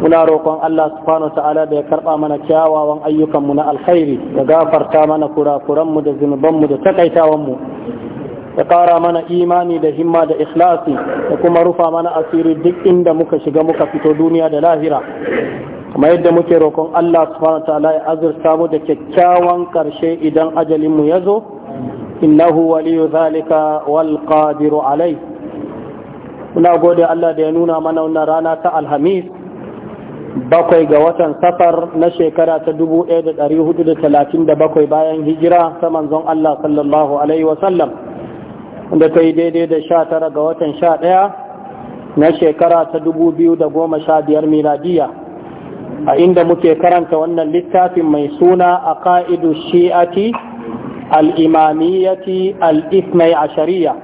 muna roƙon Allah subhanahu ta'ala da ya karɓa mana kyawawan ayyukanmu na alkhairi da gafarta mana kurakuranmu da zunubanmu da takaitawanmu ya ƙara mana imani da himma da ikhlasi da kuma rufa mana asiri duk inda muka shiga muka fito duniya da lahira kuma yadda muke roƙon Allah subhanahu ta'ala ya azurta mu da kyakkyawan ƙarshe idan ajalinmu ya zo innahu waliyu zalika wal qadiru alai muna gode Allah da ya nuna mana wannan rana ta alhamis bakwai ga watan safar na shekara ta 1437 bayan hijira ta manzon Allah sallallahu Alaihi wasallam da ta yi daidai da sha tara ga watan sha ɗaya na shekara ta da goma 2015 miladiya a inda muke karanta wannan littafin mai suna a ka'idu shi'ati al'imamiyyati al'ifnai shari'a,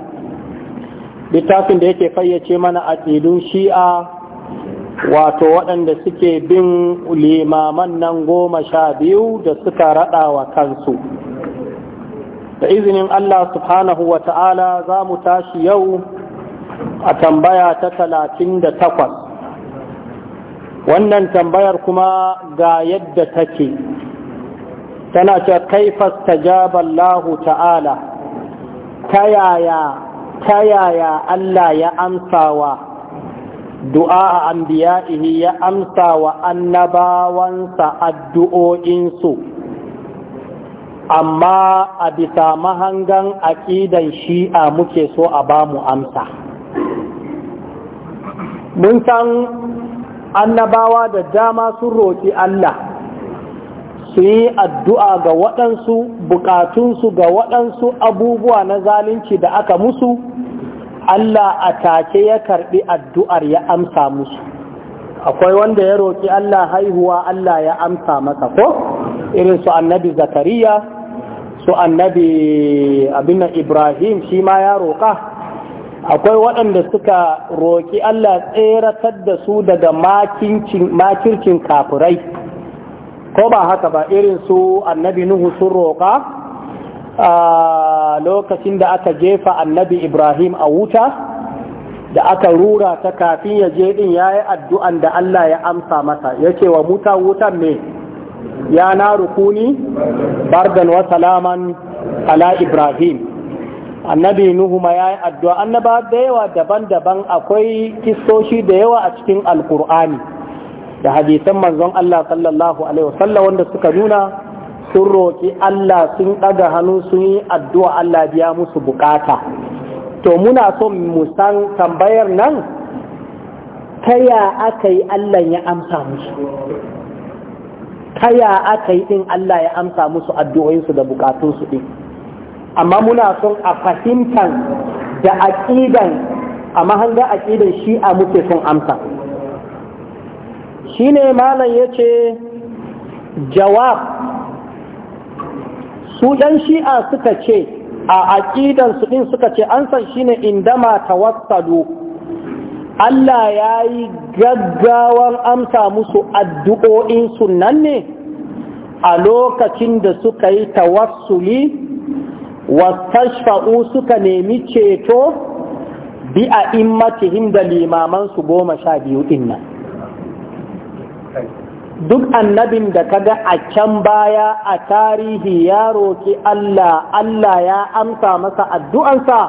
littafin da yake fayyace mana a shi'a wato waɗanda suke bin limaman nan goma sha biyu da suka raɗa wa kansu da izinin Allah subhanahu wa ta'ala za mu tashi yau a tambaya ta talatin da takwas wannan tambayar kuma ga yadda take tana ce kaifas jaballahu ta'ala ta yaya ta yaya Allah ya amsawa du'a a anbiya'ihi ya amsa wa annabawansa addu'o'insu amma a bisa mahangan aƙidan shi'a muke so a ba mu amsa mun san annabawa da dama sun roƙi Allah su yi addu'a ga waɗansu buƙatunsu, ga waɗansu abubuwa na zalunci da aka musu Allah a take ya karbi addu'ar ya amsa musu akwai wanda ya roƙi Allah haihuwa Allah ya amsa masa ko irin su annabi zakariya su annabi abinan ibrahim shi ma ya roƙa akwai waɗanda suka roƙi Allah tseratar da su daga makircin kafirai ko ba haka ba irin su annabi Nuhu sun roƙa a lokacin da aka jefa annabi ibrahim a wuta da aka rura ta kafin ya je din ya yi addu'an da Allah ya amsa masa ya ce wa muta wutan ne ya na rukuni bardan wa salaman ala ibrahim annabi nuhu ma ya yi addu'a annaba da yawa daban-daban akwai kistoshi da yawa a cikin alkur'ani da hadisan manzon Allah sallallahu alaihi wasallam wanda suka nuna sun roƙi Allah sun ɗaga hannu sun yi addu'a Allah biya musu bukata to muna so mu san tambayar nan ta ya aka yi Allah ya amsa musu ta ya aka yi ɗin Allah ya amsa musu addu'o'insu da bukatunsu ɗin amma muna son a fahimtan da aƙidan a mahanga aƙidan a muke son amsa Shi ne malam ya ce jawab su yan shi'a suka ce a aƙidan su ɗin suka ce an san shi ne indama tawassalu Allah ya yi gaggawan amsa musu addu'o'insu nan ne a lokacin da suka yi tawassuli wasu suka nemi ceto bi a immatihim da limamansu goma sha biyu ɗin nan duk annabin da kaga a can baya a tarihi ya roƙi Allah Allah ya amsa masa addu'ansa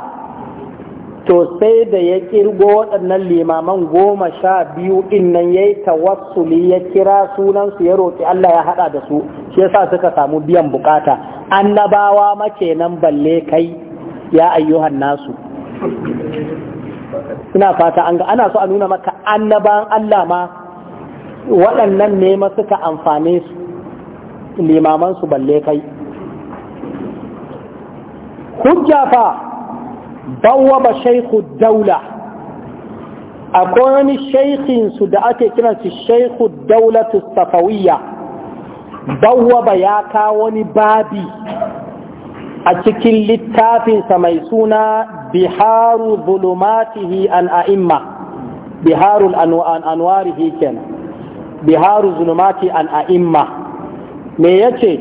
to sai da ya ƙirgo waɗannan limaman goma sha biyu innan ya yi tawassuli ya kira sunansu ya roƙi Allah ya haɗa da su shi yasa suka samu biyan bukata annabawa mace nan balle kai ya ayyuhan nasu ina fata an ga ana so a nuna maka annaban Allah ma waɗannan ne suka amfane su limaman su balle kai hujja fa bawwaba shaykhu daula akwai wani shaykhin su da ake kiransu shaykhu daulatu safawiyya bawwaba ya kawo wani babi a cikin littafinsa mai suna biharu zulumatihi al'a'imma biharul anwarihi kenan biharu zulmati an a'imma me yace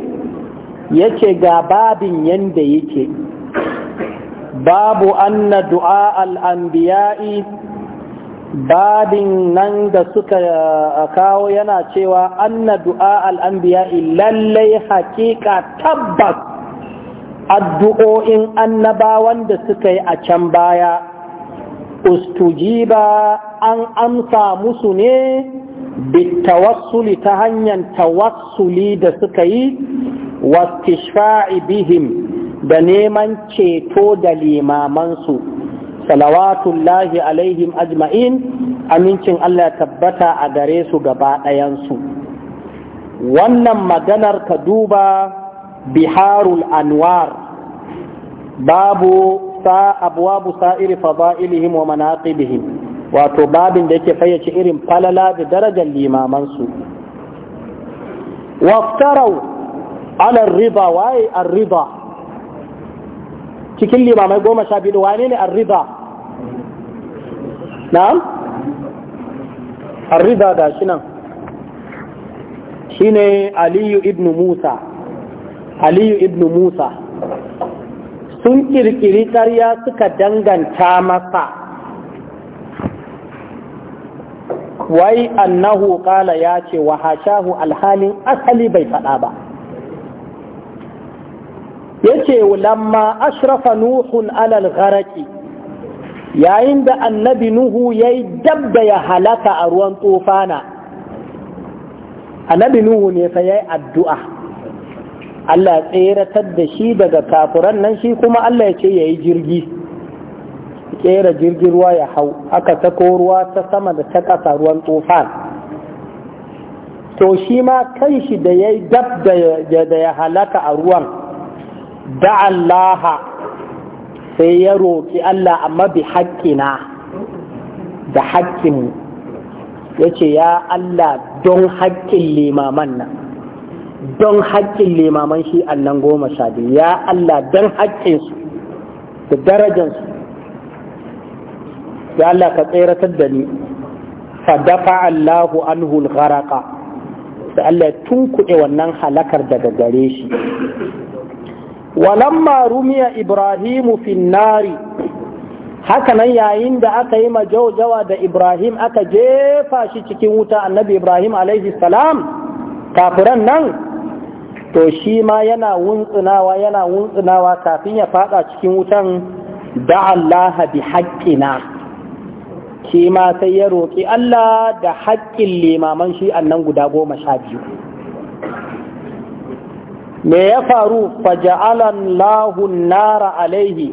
yace ga babin yanda yake babu anna du'a al babin nan da suka uh, kawo yana cewa anna du'a al'ambiya'i lallai hakika tabbas addu'o'in annabawan da suka yi a can baya ustujiba an amsa musu ne bitawassuli ta hanyar tawassuli da suka yi wastishfa'i bihim da neman ceto da limamansu salawatullahi alaihim ajma'in amincin Allah tabbata a gare su gaba ɗayansu wannan maganar ka duba biharul anwar babu sa abuwa sa'iri fada'ilihim wa manaqibihim wato babin da yake fayyace irin falala da darajar limamansu waftarau ala riba waye arriba cikin limamai goma sha biyu wane ne arriba na'am arriba da shi nan shi ne aliyu ibn musa aliyu ibn musa sun kirkiri ƙarya suka danganta masa wai annahu qala ya ce wa hashahu alhalin asali bai faɗa ba yace lamma ashrafa nuhun alal gharaki yayin da annabi nuhu yayi dabba ya halaka a ruwan tufana annabi nuhu ne fa yayi addu'a Allah tseratar da shi daga kafuran nan shi kuma Allah ya ce yayi jirgi kera jirgin ruwa ya hau aka sako ruwa ta sama da ta ƙasa ruwan tufan to shi ma kai shi da ya yi dab da ya halaka a ruwan da allaha sai ya roƙi allah amma bi haƙƙina da haƙƙinmu ya ce ya allah don haƙƙin limaman nan don haƙƙin limaman shi annan goma sha biyu ya allah don haƙƙinsu da darajansu ya Allah ka tseratar da ni fa dafa Allahu anhu al-gharaqa sai Allah ya tunkuɗe wannan halakar daga gare shi walamma rumiya ibrahimu finnari hakanan yayin da aka yi majaujawa da ibrahim aka jefa shi cikin wuta annabi ibrahim alaihi salam kafiran nan to shi ma yana wuntsinawa yana wuntsinawa kafin ya fada cikin wutan da allaha bi haƙƙina shi ma sai ya roƙi Allah da haƙƙin limaman shi annan guda goma sha biyu me ya faru faja'alan lahun nara alaihi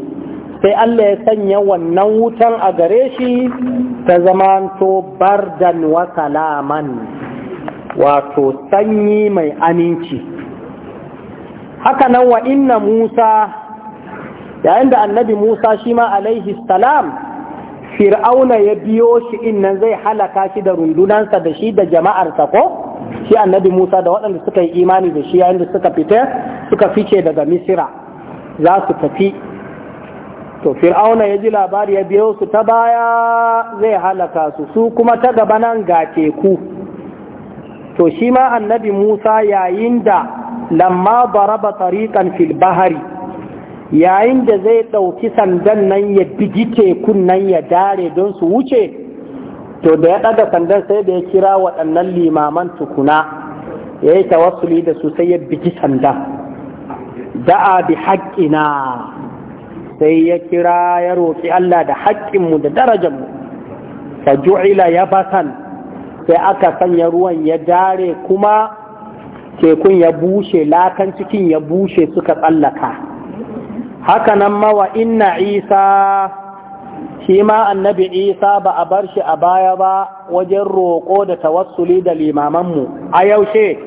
sai Allah ya sanya wannan wutan a gare shi ta zamanto bardan wa salaman wato sanyi mai aminci haka nan wa inna Musa yayin da annabi Musa shi ma alaihi salam fir'auna ya biyo shi innan zai halaka shi da rundunansa da shi da jama'arsa ko shi annabi musa da waɗanda suka yi imani da shi yayin da suka fita suka fice daga misira za su tafi to fir'auna ya ji labari ya biyo su ta baya zai halaka su su kuma ta gaba nan ga teku to shi ma annabi musa yayin da lamma baraba tariqan fil bahari yayin da zai ɗauki sandan nan ya bigi tekun nan ya dare don su wuce to da ya ɗaga sandan sai da ya kira waɗannan limaman tukuna ya yi tawassuli da su sai ya bigi sandan da'a bi haƙƙina sai ya kira ya roƙi Allah da haƙƙinmu da darajarmu ka ju'ila fasan sai aka sanya ruwan ya dare kuma tekun ya bushe lakan cikin ya bushe suka tsallaka haka nan mawa inna isa shi ma annabi isa ba a bar shi a baya ba wajen roƙo da tawassuli da limamanmu a yaushe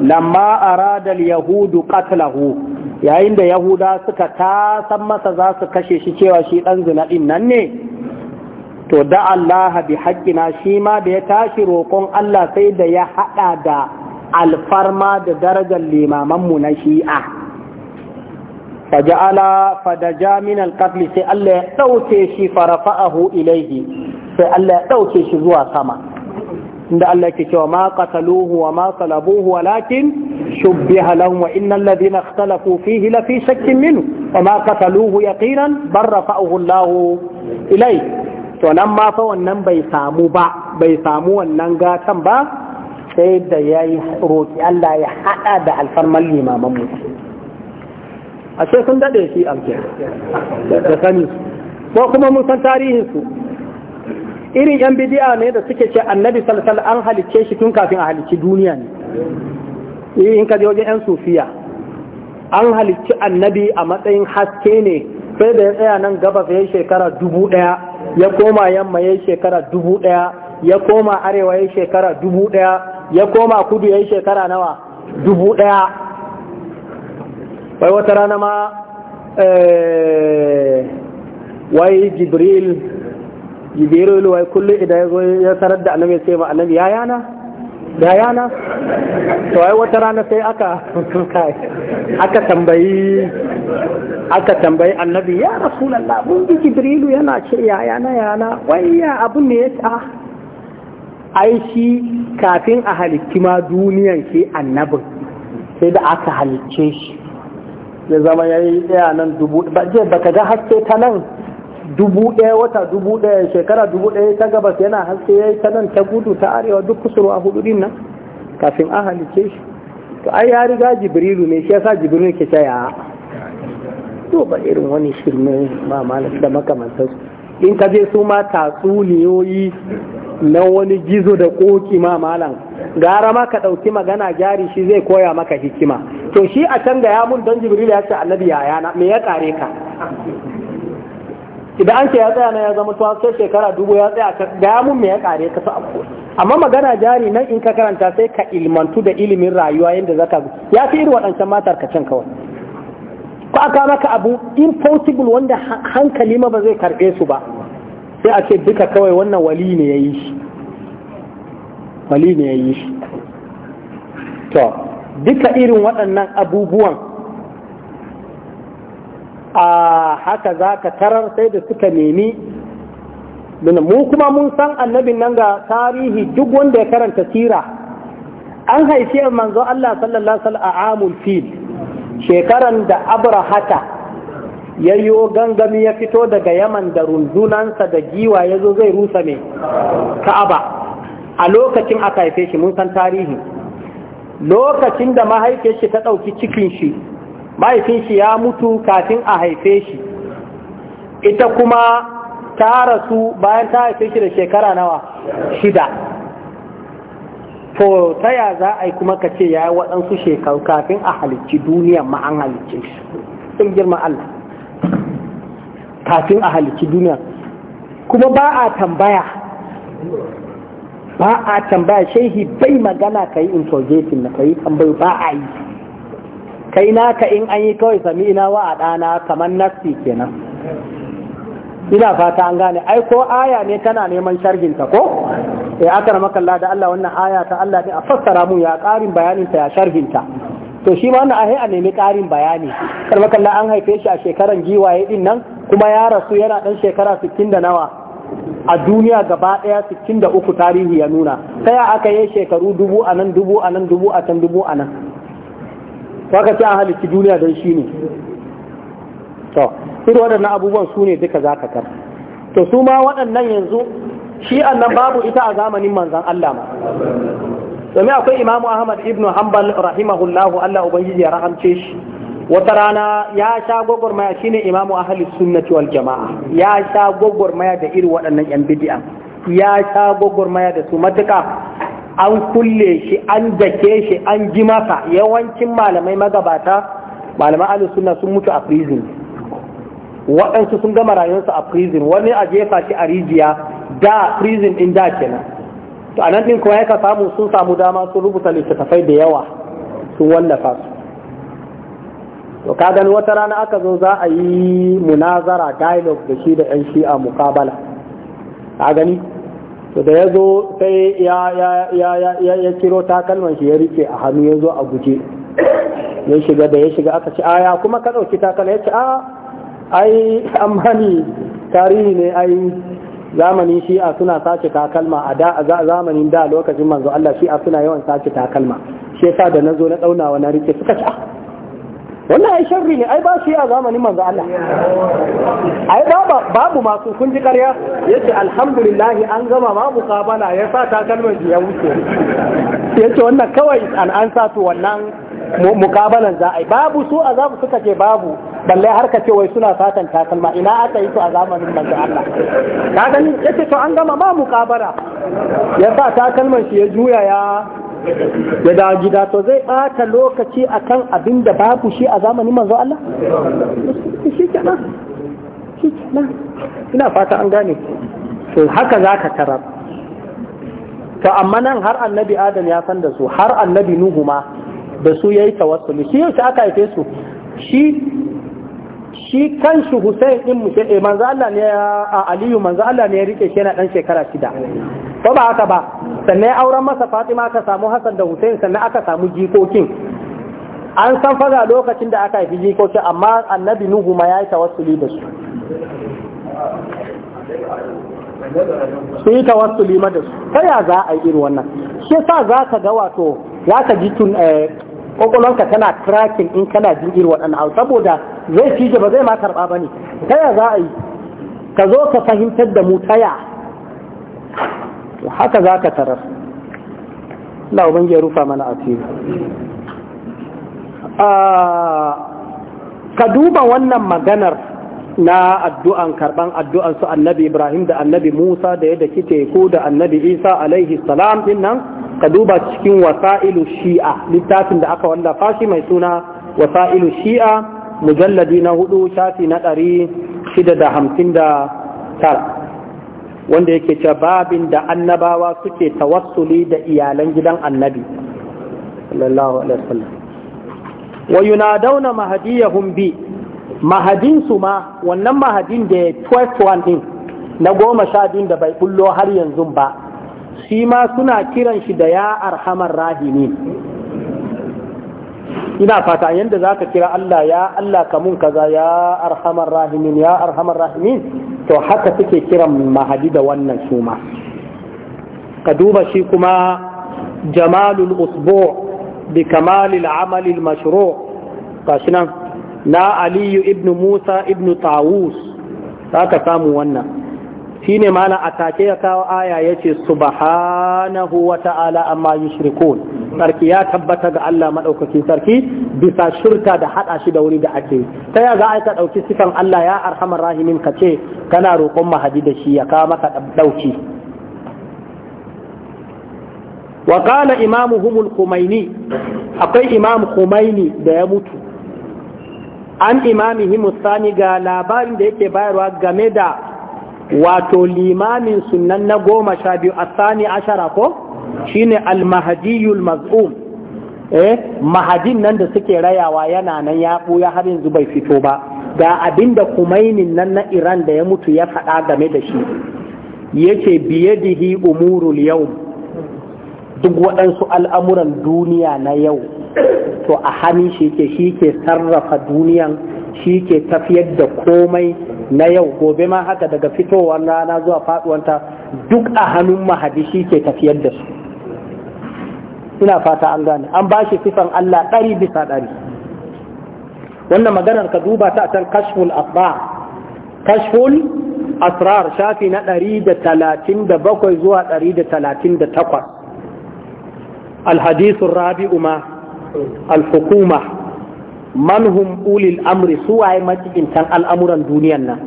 lamma aradal yahudu katlahu yayin da yahuda suka tasan masa za su kashe shi cewa shi ɗan zinaɗin nan ne to da Allah bi haƙƙina shi ma da ya tashi roƙon Allah sai da ya haɗa da alfarma da darajar limamanmu na shi'a faja'ala fadaja min alqatl sai Allah ya ɗauke shi farafa'ahu ilaihi sai Allah ya ɗauke shi zuwa sama inda Allah yake cewa ma qataluhu wa ma salabuhu walakin shubbiha lahum wa innal ladhina ikhtalafu fihi la fi shakkin minhu wa ma qataluhu yaqinan bar rafa'ahu Allah ilaihi to nan ma fa bai samu ba bai samu wannan gatan ba sai da yayi roki Allah ya haɗa da alfarman limaman a ce sun daɗe shi amke da sani ko kuma mun san tarihinsu irin yan bidi'a ne da suke ce annabi salsal an halicce shi tun kafin a halicci duniya ne eh, in ka je wajen yan sufiya an halicci annabi a matsayin haske ne sai da ya tsaya nan gabas ya shekara dubu ɗaya ya koma yamma ya shekara dubu ɗaya ya koma arewa ya shekara dubu ɗaya ya koma kudu ya shekara nawa dubu ɗaya wai wata rana ma eh, wai jibril jibril wai kullum idan ya ya sanar da annabi sai ma annabi ya yana ya yana to wai wata rana sai aka aka tambayi aka tambayi annabi ya rasulallah mun ji jibril yana ce ya yana yana wai ya abu ne ya ta ai shi kafin a halittima ma duniyan shi annabin sai da aka halicce shi ya zama ya yi ɗaya nan dubu ba je baka ga haske ta nan dubu ɗaya wata dubu ɗaya shekara dubu ɗaya ta gabas yana haske ya yi ta nan ta gudu ta arewa duk kusurwa hudu din nan kafin an halice shi to ai ya riga jibrilu ne shi yasa jibrilu ke ta ya to ba irin wani shirme ma malam da makamantar in ka je su ma tatsuniyoyi na wani gizo da ƙoki ma malam gara ma ka ɗauki magana jari shi zai koya maka hikima to shi a can da mun don jibril ya ce annabi ya yana me ya kare ka idan an ce ya tsaya na ya zama tuwa sai shekara dubu ya tsaya ka gaya mun me ya kare ka amma magana jari nan in ka karanta sai ka ilmantu da ilimin rayuwa yadda zaka ya fi irin waɗancan matar ka can kawai ko aka maka abu impossible wanda hankali ma ba zai karɓe su ba sai a ce duka kawai wannan wali ne ya yi shi wali ne ya yi shi to duka irin waɗannan abubuwan a haka za ka tarar sai da suka nemi mu kuma mun san annabin nan ga tarihi duk wanda ya karanta sira an haifi manzo Allah sallallahu alaihi a amul fil shekaran da abrahata Ya yayyo gangami ya fito daga yaman da rundunansa da giwa ya zo zai rusa mai ka'aba a lokacin aka haife shi mun san tarihi lokacin da mahaifiyar shi ta ɗauki cikin shi mahaifin shi ya mutu kafin a haife shi ita kuma ta rasu bayan ta haife shi da shekara nawa shida to ta ya za a yi kuma ka ce ya yi waɗansu shekaru kafin a halicci duniya ma an halicci sun girma Allah kafin a halici duniya kuma ba a tambaya ba a tambaya shehi bai magana ka yi interrogating na ka yi tambayi ba a yi kai naka in an yi kawai sami ina wa a ɗana kamar nassi kenan ina fata an gane ai ko aya ne tana neman sharhinta ko ya eh, aka ramakalla da Allah wannan aya ta Allah ne a fassara mu ya bayanin ta ya sharhinta to shi ma wannan a nemi ƙarin bayani karmakalla an haife shi a shekaran giwaye din nan kuma ya rasu yana ɗan shekara sittin da nawa a duniya gaba ɗaya sittin da uku tarihi ya nuna sai aka yi shekaru dubu a nan dubu a nan dubu a can dubu a nan waka ce an halitti duniya don shi ne to irin waɗannan abubuwan su ne duka za ka kar to su ma waɗannan yanzu shi annan babu ita a zamanin manzan Allah ma domin akwai imamu ahmad ibn hanbal rahimahullahu allah ubangiji ya rahamce shi wata rana ya sha gwagwarmaya shine imamu ahli sunnati wal jama'a ya sha gwagwarmaya da irin waɗannan yan bid'a ya sha gwagwarmaya da su matuka an kulle shi an dake shi an ji maka yawancin malamai magabata malamai ahli sunna sun mutu a prison waɗansu sun gama rayuwarsu a prison wani a jefa shi a rijiya da prison ɗin da kenan to anan din kuma ka samu sun samu dama sun rubuta littattafai da yawa sun wallafa su to kaga wata rana aka zo za a yi munazara dialogue da shi da yan a mukabala a gani to da ya zo sai ya ya kiro takalman shi ya rike a hannu ya zo a guje ya shiga da ya shiga aka ce aya kuma ka ɗauki takalma ya ce a ai amma ni tarihi ne ai zamanin shi'a suna sace takalma a zamanin da lokacin manzo Allah shi'a suna yawan sace takalma shi yasa da nazo na dauna na rike suka ci wannan ai sharri ne ai ba shi a zamanin manzo Allah ai babu masu kun ji ƙarya yace alhamdulillah an gama ma muqabala ya sa ta kalmar ji ya wuce yace wannan kawai an an sa to wannan muqabalan za ai babu su azabu suka ce babu balle har ka ce wai suna satan kalma ina aka yi su a zamanin manzo Allah ka gani yace to an gama ma muqabala ya sa takalman shi ya juya ya ya da gida to zai ɓata lokaci akan abin da babu shi a zamanin manzo Allah shi shi ina fata an gane to haka za ka tarar to amma nan har annabi adam ya san da su har annabi nuhu ma da su ya yayi tawassuli shi yau aka haife su shi shi kanshi Hussein din mu sai eh, manzo Allah ne a Aliyu manzo Allah ne ya rike shi yana dan shekara shida ko ba haka ba sannan auren masa Fatima aka samu Hassan da Hussein sannan aka samu jikokin an san faga lokacin da aka yi jikokin amma annabi Nuhu ma ya yi tawassuli da su sai tawassuli ma da su ta ya za a yi irin wannan shi sa za ka ga wato za ka ji tun eh, kwakwalwanka tana tracking in kana jirgin waɗannan abu saboda zai cije ba zai ma karɓa ba ne taya za a yi ka zo ka fahimtar da mu taya haka za ka tarar Allah ubangi ya rufa mana asiri ah, ka duba wannan maganar na addu'an karban addu'an su annabi Ibrahim da annabi Musa da yadda kike teku da annabi Isa alaihi salam din nan ka duba cikin wasa'ilu shi'a littafin da aka wallafa shi mai suna wasa'ilu shi'a mujalladi na hudu shafi na ɗari shida da hamsin da tara wanda yake ce babin da annabawa suke tawassuli da iyalan gidan annabi sallallahu alaihi wasallam wa yunadawna mahdiyahum bi mahadinsu ma wannan mahadin da ya one din na goma sha biyun da bai bullo har yanzu ba shi ma suna kiran shi da ya arhamar rahimin ina fata yadda za ka kira Allah ya Allah kamun kaza ya arhamar rahimin ya arhamar rahimin to haka suke kiran mahadi da wannan suma ka duba shi kuma jamalul usbu bi kamalil amalil mashru' shi nan na aliyu Ibnu musa Ibnu tawus za ka samu wannan shi ne mana a take ya kawo aya ya ce subhanahu wa ta'ala amma yushrikun sarki ya tabbata ga Allah maɗaukakin sarki bisa shirka da haɗa shi da wuri da ake ta ya za a ka ɗauki sifan Allah ya arhamar rahimin ka ce kana roƙon mahadi da shi ya kawo maka ɗauki wa qala imamu humul kumaini akwai imam Kumaini da ya mutu an imamihim musani ga labarin da yake bayarwa game da wato limamin sunan na goma sha biyu a asani ashara ko shine al almahadiyul maz'um eh mahadin nan da suke rayawa yana nan ya ɓuya, har yanzu bai fito ba ga abinda kumainin nan na Iran da ya mutu ya faɗa game da shi yake biye hi umurul yau duk waɗansu al'amuran duniya na yau to a hannun shi ke shi ke sarrafa duniyan shi ke tafiyar da komai na yau gobe ma haka daga fitowar rana zuwa faduwanta duk a hannun mahadi shi ke tafiyar da su ina fata an gane an ba shi sifan Allah ɗari bisa ɗari wannan maganar ka duba ta a can kashful asrar kashful asrar shafi na ɗari da talatin da bakwai zuwa ɗari da talatin da takwas alhadisun rabi'u ma al-hukuma manhum ulil amri suwaye majigintan al'amuran duniyan nan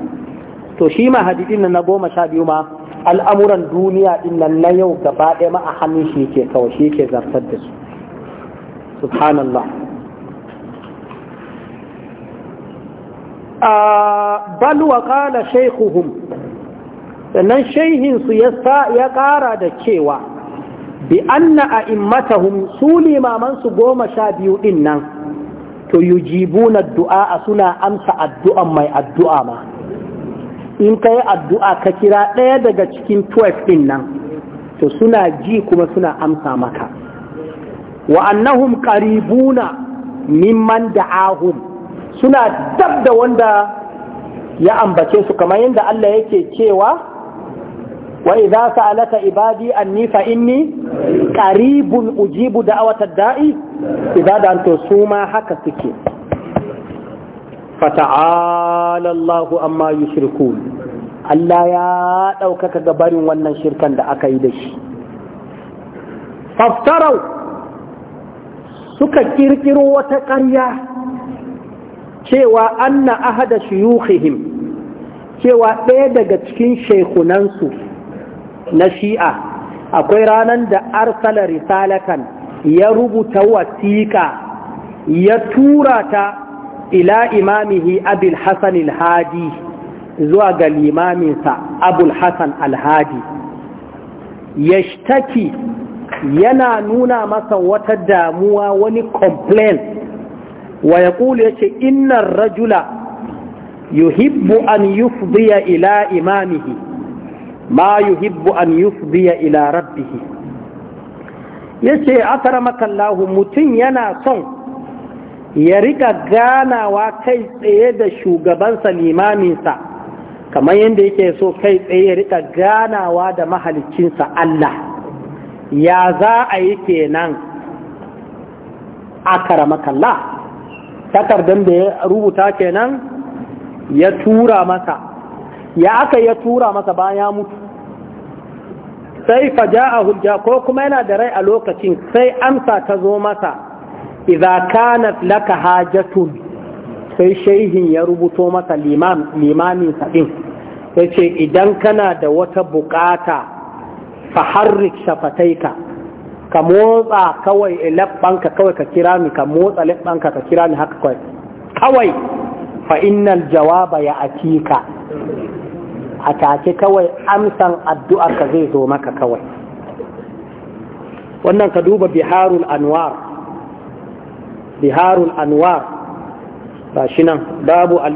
to shi ma hadidin nan na goma sha biyu ma al'amuran duniya din nan na yau gaba ɗaya ma a hannun shi ke kawai shi ke zartar da su subhanallah bal wa qala shaykhuhum sannan shaihinsu ya ƙara da cewa bi anna a'immatahum su limamansu su goma sha biyu ɗin nan to yujibuna du'a a suna amsa addu'an mai addu'a ma in ka yi addu'a ka kira ɗaya daga cikin 12 ɗin nan to suna ji kuma suna amsa maka wa annahum qaribuna mimman da'ahum suna dab da wanda ya ambace su kamar yadda Allah yake cewa za idza alaka ibadi anni fa inni ƙaribun ujibu da da'watad da'i ibada to su ma haka suke fata'ala Allahu amma yushrikun Allah ya ɗaukaka gabarin wannan shirkan da aka yi da shi faftarau suka ƙirƙiro wata ƙarya cewa anna ahada shuyukhihim cewa ɗaya daga cikin shekunansu na shi'a akwai ranar da arsala risalatan ya rubuta wasiƙa ya tura ta ila imamihi abul hasan zuwa ga limaminsa abul hasan al ya shtaki yana nuna masa wata damuwa wani complain wa ya kula ya ce innan rajula yuhibbu an yufdiya ila imamihi ma yuhibbu an yufdiya ila rabbihi yace makallahu mutum yana son ya rika ganawa kai tsaye da shugabansa limaminsa kamar yadda yake so kai tsaye ya rika ganawa da mahalicinsa Allah ya za a yi kenan akaramakallah takardar da ya rubuta kenan ya tura masa ya aka ya tura masa baya mutu sai faja'ahu ja ko kuma yana da rai a lokacin sai amsa ta zo masa idza kanat laka hajatun sai shehin ya rubuto masa limam limamin sabin yace idan kana da wata bukata fa harrik shafataika ka motsa kawai labbanka kawai ka kira ni ka motsa labbanka ka kira ni haka kawai kawai fa innal jawaba ya atika a take kawai amsan addu'ar ka zai zo maka kawai wannan ka duba biharul anwar biharul anwar ba shi nan babu al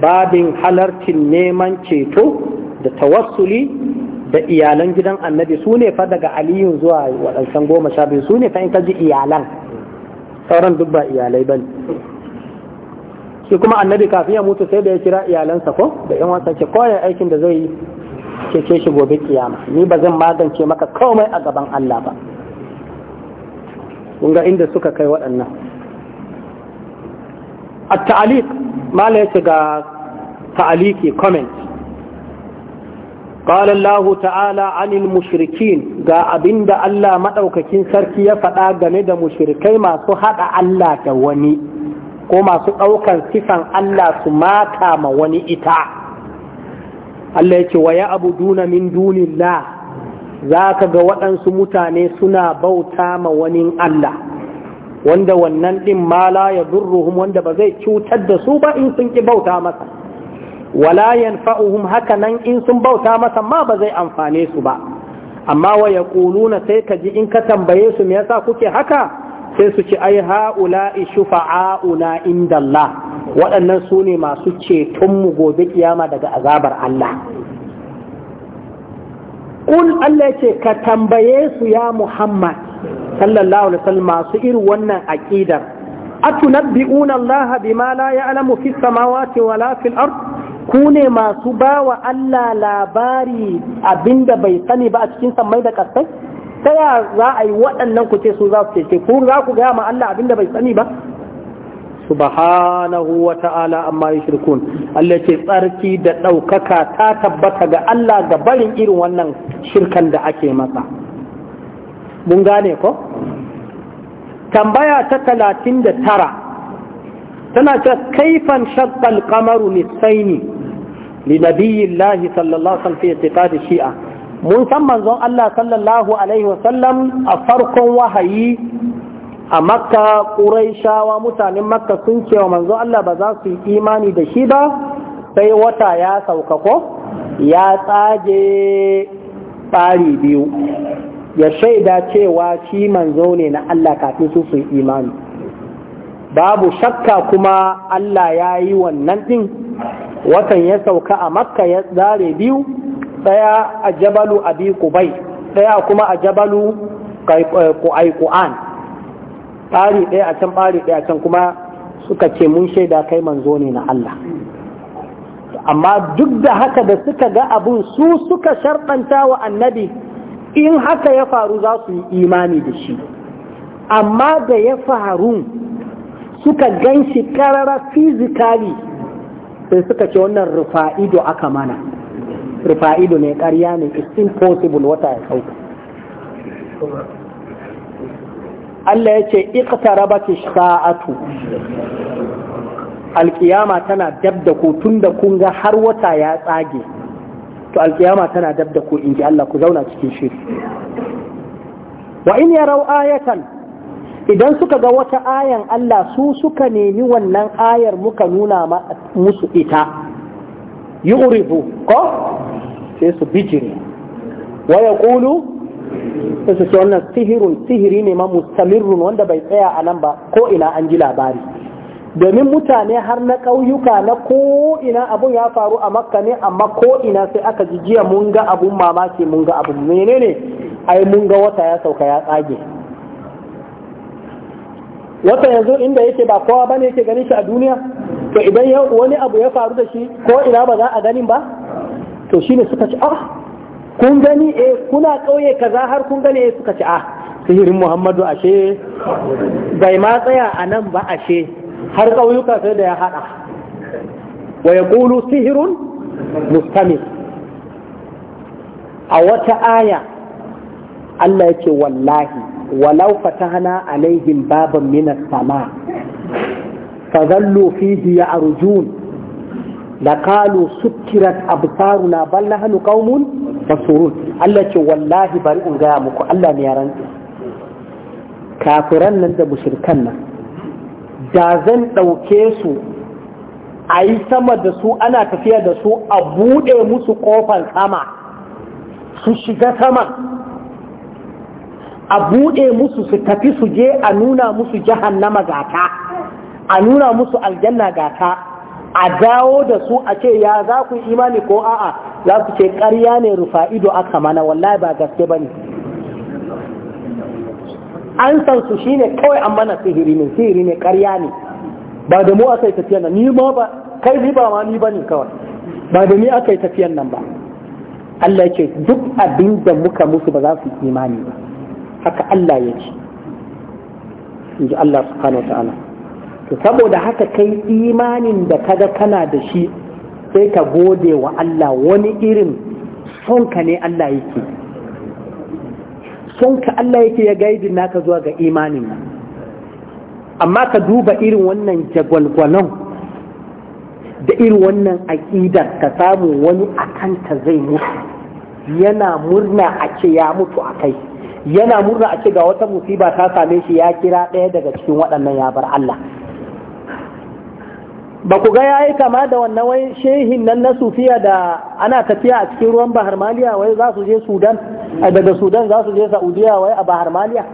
babin halartin neman ceto da tawassuli da iyalan gidan annabi su ne fa daga aliyun zuwa waɗansan goma sha biyu su ne fa in ka ji iyalan sauran duk ba iyalai ba ne shi kuma annabi kafin ya mutu sai da ya kira iyalansa ko da yan wasa ce koyar aikin da zai cece shi gobe kiyama ni ba zan magance maka komai a gaban Allah ba kun ga inda suka kai waɗannan a ta'aliq mala yace ga ta'aliki comment قال الله تعالى عن المشركين ga abinda Allah madaukakin sarki ya faɗa game da mushrikai masu hada Allah da wani ko masu ɗaukan sifan Allah su mata ma wani ita Allah yake waya abu duna min dunillah za ka ga waɗansu mutane suna bauta ma wani Allah wanda wannan ɗin mala ya durruhum wanda ba zai cutar da su ba in sun bauta masa wala yanfa'uhum haka nan in sun bauta masa ma ba zai amfane su ba amma waya yaquluna sai ka ji in ka tambaye su me yasa kuke haka sai su ce ai ha'ula'i shufa'auna inda Allah waɗannan su ne masu cetonmu gobe kiyama daga azabar Allah Kun Allah ce ka tambaye su ya Muhammad sallallahu alaihi wasallam masu irin wannan aqidar atunabbi'una Allah bima la ya'lamu fi samawati wala fil ard ku ne masu bawa Allah labari abinda bai sani ba a cikin sammai da kasai ta ya za a yi waɗannan ku ce su za su ce ku za ku gaya ma Allah abinda bai sani ba subhanahu wa ta'ala amma yushrikun Allah ce tsarki da ɗaukaka ta tabbata ga Allah ga barin irin wannan shirkan da ake masa mun gane ko tambaya ta talatin da tara tana ta kaifan shaqqal qamaru nisaini li nabiyyillahi sallallahu alaihi wasallam fi shi'a mun san manzon Allah sallallahu alaihi wasallam a farkon wahayi a makka ƙuraishawa mutanen makka sun cewa manzon Allah ba za su yi imani da shi ba sai wata ya sauka ko ya tsage tsari biyu ya shaida cewa shi manzo ne na Allah kafin su su yi imani babu shakka kuma Allah ya yi wannan ɗin watan ya sauka a makka ya biyu ɗaya a jabalu abi kubai daya kuma a jabalu ku'aiku'an eh, ɓari ɗaya a can ɓari ɗaya a can kuma suka ce mun shaida kai manzo ne na Allah amma duk da haka da suka ga abun su suka sharɗanta wa annabi in haka ya faru za su yi imani da shi amma da ya faru suka gan shi ƙarara fizikali sai suka ce wannan rufa'ido aka mana rufa'idu ne ƙarya ne it's impossible wata ya sauka Allah ya ce iqtarabat sa'atu alkiyama tana dab da ku tun da kun ga har wata ya tsage to alkiyama tana dab da ku in ji Allah ku zauna cikin shiri wa in yarau ayatan idan suka ga wata ayan Allah su suka nemi wannan ayar muka nuna musu ita yu'ridu ko sai su bijiri wa kulu sai su ce wannan sihirun sihiri ne ma mustamirrun wanda bai tsaya a nan ba ko ina an ji labari domin mutane har na ƙauyuka na ko ina abun ya faru a makka ne amma ko ina sai aka ji jiya mun ga abun mamaki mun ga abun menene ai mun ga wata ya sauka ya tsage wata yanzu inda yake ba kowa bane yake ganin shi a duniya to idan wani abu ya faru da shi ko ina ba za a ganin ba to shine suka ci ah kun gani eh kuna kauye kaza har kun gani eh suka ci ah sihirin Muhammadu ashe bai ma tsaya a nan ba ashe har kauyuka sai da ya haɗa wa ya kulu sihirun mustamil a wata aya Allah ya ce wallahi walau fatahana alaihim baban minas sama' فظلوا فيه يعرجون لقالوا سكرت أبصارنا بل نحن قوم مسرور الله ce wallahi bari in gaya muku Allah ne ya rantsa kafiran nan da mushrikan nan da zan ɗauke su ayi sama da su ana tafiya da su a buɗe musu ƙofar sama su shiga sama a buɗe musu su tafi su je a nuna musu jahannama gata a nuna musu aljanna ga ta a dawo da su a ce ya za ku imani ko a'a za ku ce ƙarya ne rufa ido aka mana wallahi ba gaske ba ne an san su shi ne kawai an mana sihiri ne sihiri ne ƙarya ne ba da mu a kai tafiyan nan ni ma ba kai ni ba ma ni ba ne kawai ba da ni a kai tafiyan nan ba Allah ce duk abin da muka musu ba za su imani ba haka Allah ya ce in ji Allah subhanahu wa ta'ala saboda haka kai imanin da kaga kana da shi sai ka gode wa Allah wani irin sonka ne Allah yake sonka Allah yake ya gaibin naka zuwa ga imanin amma ka duba irin wannan jagwalgwalon da irin wannan aƙidar ka samu wani akanta zai mutu yana murna a ce ya mutu a kai yana murna a ce ga wata musiba ta same shi ya kira ɗaya daga cikin waɗannan ya bar Allah ba ku ga ya yi kama da wannan wai shehin nan na sufiya da ana tafiya a cikin ruwan bahar maliya wai za su je sudan daga sudan za su je saudiya wai a bahar maliya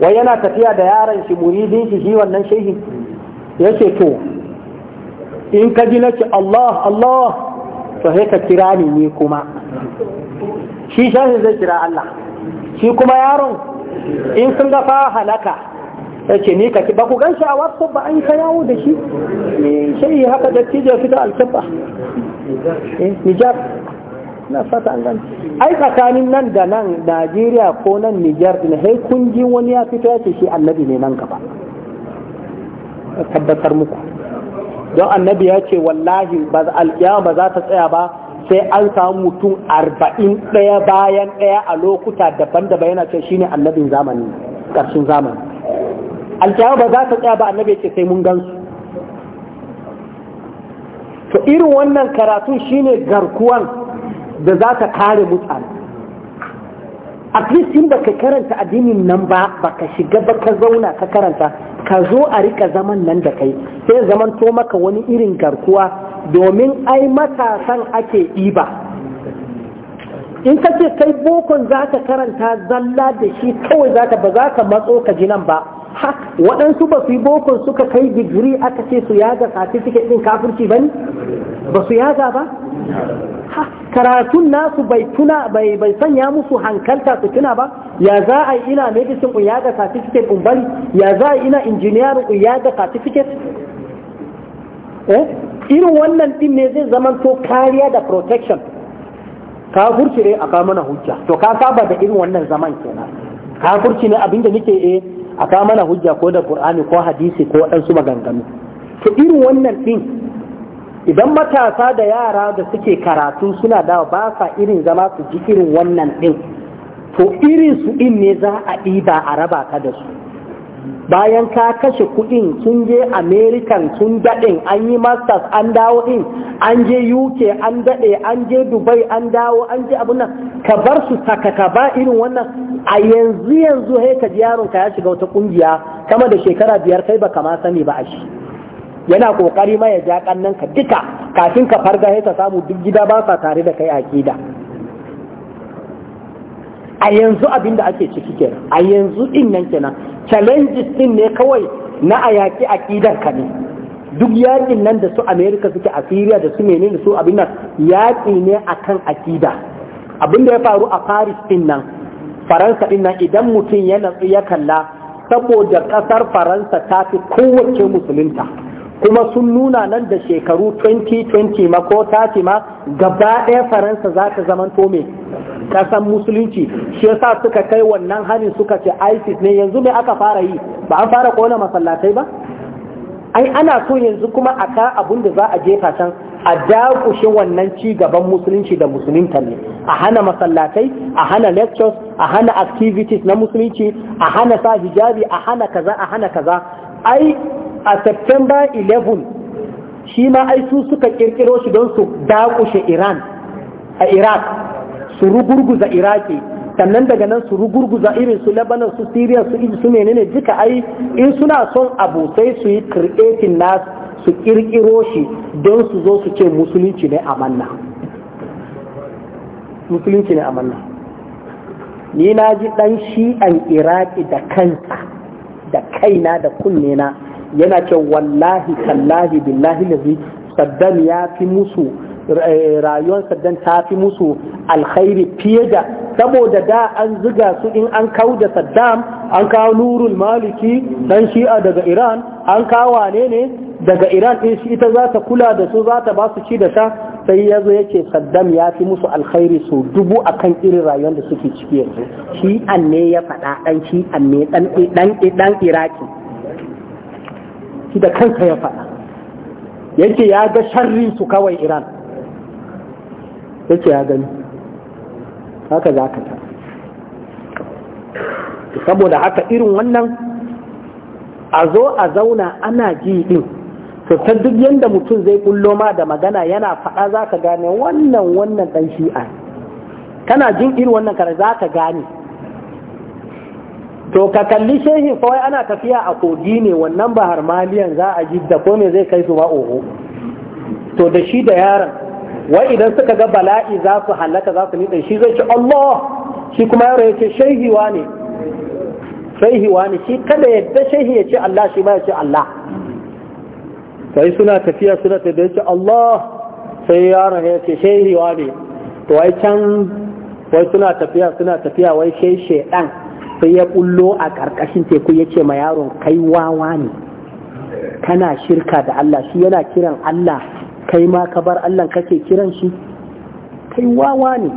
wai yana tafiya da yaran shi muridin shi shi wannan shehin ya ce to in ka ji nace allah allah to sai ka kira ni ne kuma shi shahin zai kira allah shi kuma yaron in sun ga fa halaka yace ni ka ba ku ganshi a wasu ba an ta yawo da shi ne shi haka da tijo fita alkaba eh, Nijar na fata an gani ai tsakanin nan da nan Najeriya ko nan Nijar din sai kun ji wani ya fito ya ce shi annabi ne nan gaba tabbatar muku don annabi ya ce wallahi ba alkiyama ba za ta tsaya ba sai an samu mutum arba'in ɗaya bayan ɗaya a lokuta daban-daban yana ce shine annabin zamani ƙarshen zamani alkiyama ba za ta tsaya ba annabi ya ce sai mun gan su, to irin wannan karatu shine garkuwan da za ta kare mutane a kristin ba ka karanta addinin nan ba ba ka shiga ba ka zauna ka karanta ka zo a rika zaman nan da kai sai zaman to maka wani irin garkuwa domin ai matasan ake iba in ka ce kai bokon za ka karanta zalla da shi kawai za ka ba za ka matso ka ji nan ba waɗansu ba su yi bokon suka kai digiri aka ce su yaga certificate ɗin kafirci ba ne ba su yaga ba karatun nasu bai tuna bai bai sanya musu hankalta su tuna ba ya za a yi ina medicine in yaga certificate ɗin bari ya za a yi ina engineer in yaga certificate eh irin wannan din ne zai zama to kariya da protection kafirci ne a kamana hujja to ka saba da irin wannan zaman kenan kafirci ne abinda nake eh a ka mana hujja ko da qur'ani ko hadisi ko waɗansu maganganu to irin wannan din idan matasa da yara da suke karatu suna dawa ba sa irin zama su ji irin wannan din to irin su din ne za a ɗiba a raba ka da su bayan ka kashe kuɗin sun je american sun daɗin an yi masters an dawo ɗin an je uk an daɗe an je dubai an dawo an je abin nan ka bar su sakaka ba irin wannan a yanzu yanzu hai ka ji yaron ka ya shiga wata ƙungiya, kama da shekara biyar kai ba kama sani ba a shi yana kokari ma ya ja kannan ka duka kafin ka farga hai ka samu duk gida ba sa tare da kai akida a yanzu abin da ake ciki ke, a yanzu din nan kenan challenges din ne kawai na a yaƙi aƙidar ka ne duk yaƙin nan da su Amerika suke a syria da su menene su abin nan yaƙi ne akan aƙida abin da ya faru a paris din nan faransa din nan idan mutum ya natsu ya kalla saboda ƙasar faransa ta fi kowace musulunta kuma sun nuna nan da shekaru 2020 ma ko 30 ma gaba ɗaya faransa za ta zamanto mai kasan musulunci shi yasa suka kai wannan hanin suka ce isis ne yanzu mai aka fara yi ba an fara kona masallatai ba ai ana so yanzu kuma a ka abun da za a jefa can a dakushe wannan ci gaban musulunci da musulunta ne a hana masallatai a hana lectures a hana activities na musulunci a hana sa hijabi a hana kaza a hana kaza ai a september 11 shi ma ai su suka kirkiro shi don su dakushe iran a iraq su rugurguza iraki sannan daga nan su rugurguza irin su lebanon su syria su su menene duka ai in suna son abu sai su yi kirkirin nas su kirkiro shi don su zo su ce musulunci ne amanna musulunci ne amanna ni na ji dan an iraki da kansa da kaina da kunnena yana ce wallahi tallahi billahi lazi saddam ya fi musu Eh, rayuwarsa don ta fi musu alkhairi fiye da saboda da an ziga su in an kau da saddam an kawo nurul maliki dan shi'a daga iran an kawo wane ne daga iran in shi ita za ta kula da su za ta ba su ci da sha sai ya zo yake saddam ya fi musu alkhairi su dubu akan irin rayuwar da suke ciki yanzu shi'an ne ya faɗa ɗan shi'an ne ɗan iraki shi da kansa ya faɗa yake ya ga sharri su kawai iran yake ya gani haka za ka ta saboda haka irin wannan a zo a zauna ana ji din to ta duk yadda mutum zai kullo ma da magana yana faɗa za ka gane wannan wannan ɗan shi'a kana jin irin wannan kare za ka gane to ka kalli shehin kawai ana tafiya a kogi ne wannan ba harmaliyan za a ji da ko ne zai kai su ma oho to da shi da yaron wai idan suka ga bala'i za su halaka za su nitsa shi zai ci Allah shi kuma yaro ya ce shaihiwa ne shaihiwa ne shi kada yadda shaihi ya ce Allah shi ma ya ce Allah sai suna tafiya suna tafiya ce Allah sai yaro ya ce shaihiwa ne to wai can wai suna tafiya suna tafiya wai shai shaidan sai ya kullo a karkashin teku ya ce ma yaron kai wawa ne kana shirka da Allah shi yana kiran Allah kai ma ka bar Allah kake kiran shi kai wawa ne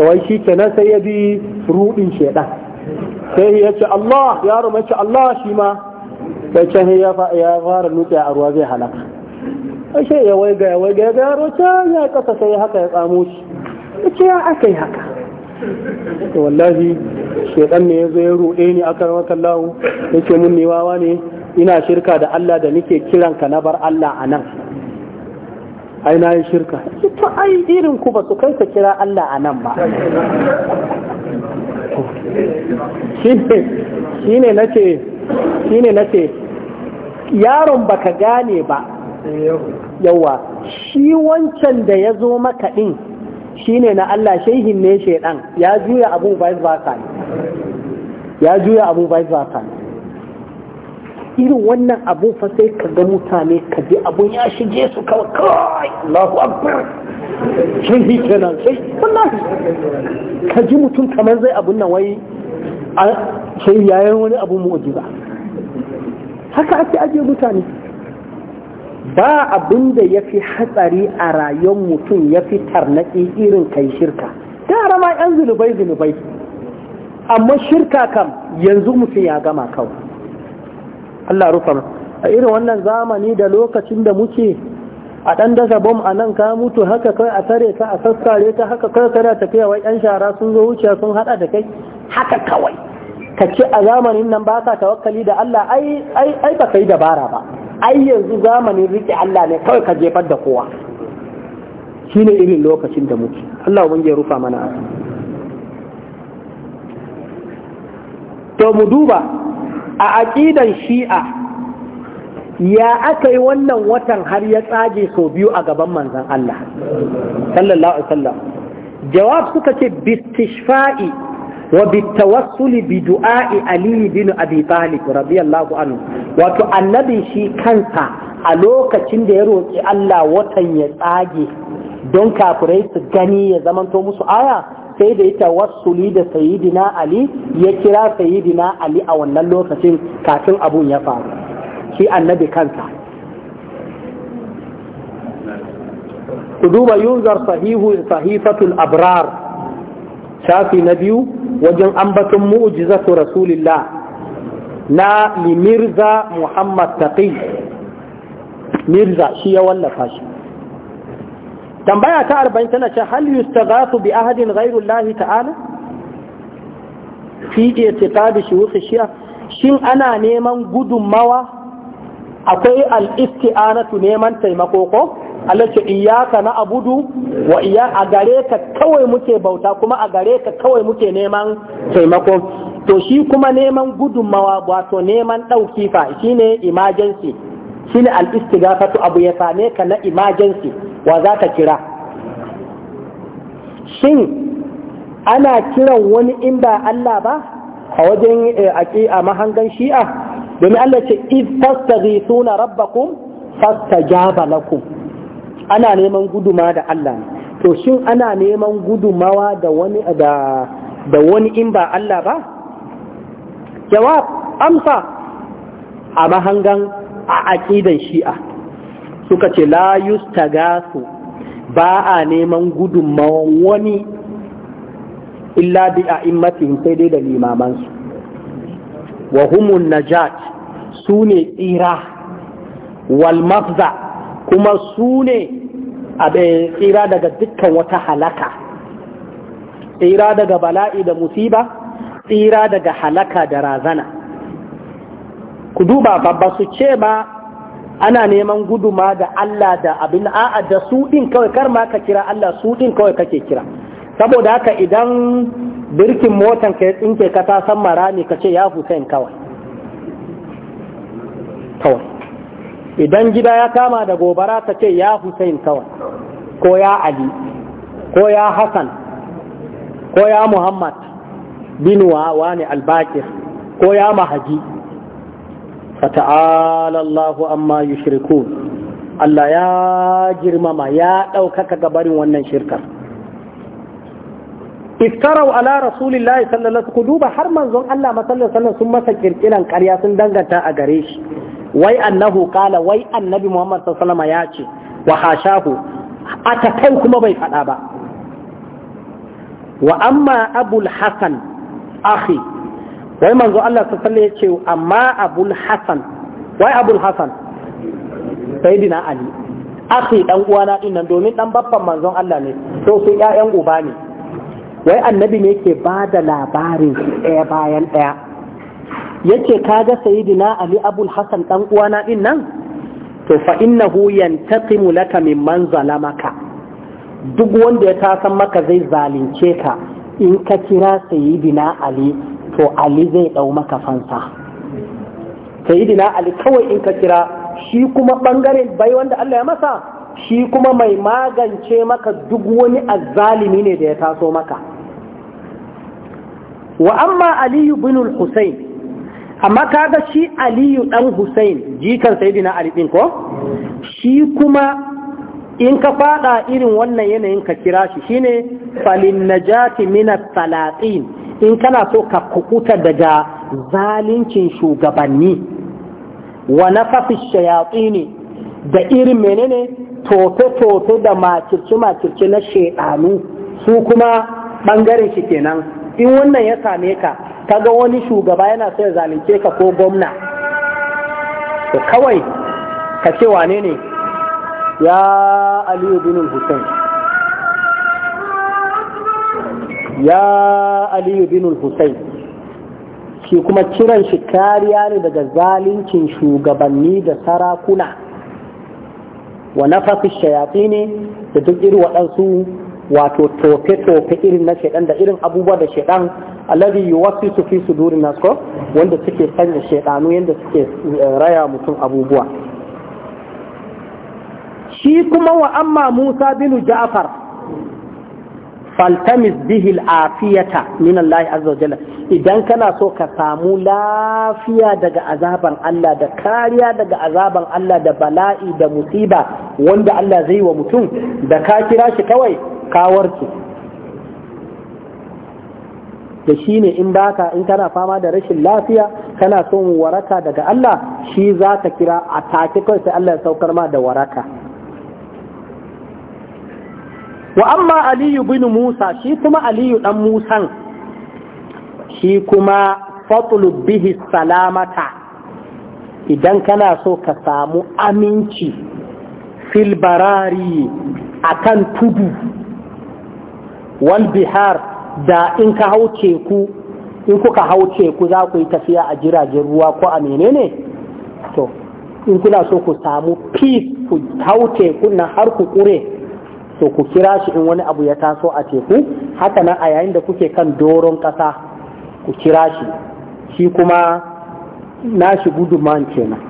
wai shi kenan sai ya bi rudin shedan sai ya ce Allah ya mai ce Allah shi ma sai can ya fara nuke a ruwa zai halaka shi ya waiga ya waiga ya ga yaro can ya kasa sai haka ya tsamo shi ya ce ya aka yi haka wallahi shedan ne ya zo ya ruɗe ni akan wakan lahu ya ce mun ne wawa ne ina shirka da Allah da nake kiranka na bar Allah a nan ai na yi shirka to ai irin ku ba su kai ka kira Allah a nan ba shine nace shine nace yaron baka gane ba yawa shi wancan da ya zo maka din shine na Allah shehin ne shedan ya juya abu vice versa ya juya abu vice versa irin wannan abun fa sai ka ga mutane ka ji abun ya shige su kawai kai Allahu akbar sai shi kenan sai wallahi ka ji mutum kamar zai abun nan wai sai yayin wani abu mu'jiza haka ake ajiye mutane ba abin da ya fi hatsari a rayuwar mutum ya fi tarnaki irin kai shirka yara ma 'yan zunubai zunubai amma shirka kam yanzu mutum ya gama kawai Allah rufa a irin wannan zamani da lokacin da muke a ɗan dasa bom a nan ka mutu haka kai a tare ka a sassare ka haka kai kana tafiya wai yan shara sun zo wuce sun haɗa da kai haka kawai ka ce a zamanin nan ba ka tawakkali da Allah ai ai ai ba kai dabara ba ai yanzu zamanin rike Allah ne kawai ka jefar da kowa shine irin lokacin da muke Allah ubangi ya rufa mana to mu duba a aƙidan shi'a ya aka yi wannan watan har ya tsage sau biyu a gaban manzan Allah sallallahu alaihi wasallam jawab suka ce bistishfa'i wa bitawassuli bi du'a'i ali bin abi talib radiyallahu anhu wato annabi shi kansa a lokacin da ya roƙi Allah watan ya tsage don kafirai su gani ya zamanto musu aya sai da ya tawassuli da sayidina ali ya kira sayidina ali a wannan lokacin kafin abun ya faru shi annabi kansa ku duba yunzar sahihu sahifatul abrar shafi na biyu wajen ambaton mu'jizatu rasulillah na limirza muhammad taqi mirza shi ya wallafa shi tambaya ta arba'in tana ce hal yustaghatu bi ahadin ghairu Allah ta'ala fi i'tiqadi shuyukh shi'a shin ana neman gudummawa akwai al-isti'anatu neman taimako ko Allah ce iyyaka na'budu wa iyya a gare ka kawai muke bauta kuma a gare ka kawai muke neman taimako to shi kuma neman gudummawa wato neman dauki fa shine emergency shine al-istighafatu abu ya same ka na imajensi wa za ka kira shin ana kiran wani in ba Allah ba a wajen eh, a mahangan shi'a domin Allah ce if iz tastaghithuna rabbakum na lakum ana neman guduma da Allah to shin ana neman gudumawa da wani da wani in ba Allah ba jawab amsa a mahangan a aƙidan shi'a suka ce la gasu ba a neman gudunmawan wani illa bi a immatihim sai dai da limamansu wa humun najat su ne tsira wal mafza kuma su ne tsira daga dukkan wata halaka tsira daga bala'i da musiba tsira daga halaka da razana ku duba ba su ce ba ana neman guduma da Allah da abin a'a da su din kawai kar ma ka kira Allah su din kawai kake kira saboda haka idan birkin motan ka tsinke ka ta san marami ka ce ya Hussein kawai kawai idan gida ya kama da gobara ka ce ya Hussein kawai ko ya Ali ko ya Hassan ko ya Muhammad bin wa wani albakir ko ya mahaji fata'ala Allahu amma yushrikun Allah ya girmama ya ɗaukaka gabarin wannan shirkar iftarau ala rasulillahi sallallahu alaihi duba har manzon Allah sallallahu alaihi sun masa kirkiran ƙarya sun danganta a gare shi wai annahu qala wai annabi Muhammad sallallahu alaihi ya ce wa hashahu atakai kuma bai faɗa ba wa amma abul hasan akhi wai manzo Allah ta salle ya ce amma abul hasan wai abul hasan ali akhi dan uwana din nan domin dan babban manzon Allah ne to su ƴaƴan uba ne wai annabi ne yake ba da labarin ɗaya bayan ɗaya yace kaga sayyidina ali abul hasan dan uwana din nan to fa innahu yantaqimu laka mimman zalamaka duk wanda ya tasan maka zai zalunce ka in ka kira sayyidina ali to ali zai ɗau maka fansa dina ali kawai in ka kira shi kuma ɓangaren bai wanda Allah ya masa shi kuma mai magance maka duk wani azzalimi ne da ya taso maka wa amma aliyu binul husain amma kaga shi aliyu dan Hussein jikan sayyidina Ali ɗin ko shi kuma in ka fada irin wannan yanayin ka kira shi shine falin najati minat talatin in kana so ka kukuta daga zalincin shugabanni wa nafafi ne. da irin menene tofe-tofe da makirce-makirce na shaidanu su kuma ɓangaren shi kenan in wannan ya same ka ga wani shugaba yana so ya zalunce ka ko gwamna to kawai ka ce wane ne ya aliyu bin hussein ya aliyu bin hussein shi kuma kiran shi kariya ne daga zalincin shugabanni da sarakuna wa nafafi shayafi ne da duk irin waɗansu wato tofe-tofe irin na shaidan da irin abubuwa da shaidan alladhi yuwassisu fi sudurin nas wanda suke sanya shaɗanu yanda suke eh, raya mutum abubuwa shi kuma wa amma Musa binu Ja'far faltamis bihi al'afiyata min Allah azza jalla idan kana so ka samu lafiya daga azaban Allah da kariya daga azaban Allah da bala'i da musiba wanda Allah zai wa mutum da ka kira shi kawai kawarki da shi ne in baka in kana fama da rashin lafiya kana son waraka daga Allah shi za ka kira a take kawai sai Allah ya saukar ma da waraka wa amma aliyu bin musa shi kuma aliyu dan musan shi kuma fatlub bihi salamata idan kana so ka samu aminci filbarari barari akan tudu walbihar da in ka hau ku in kuka hau ku za ku yi tafiya a jiragen ruwa ko a menene to in kuna so ku samu peace ku hau teku na har ku kure to ku kira shi in wani abu ya taso a teku haka nan a yayin da kuke kan doron ƙasa ku kira shi shi kuma nashi man kenan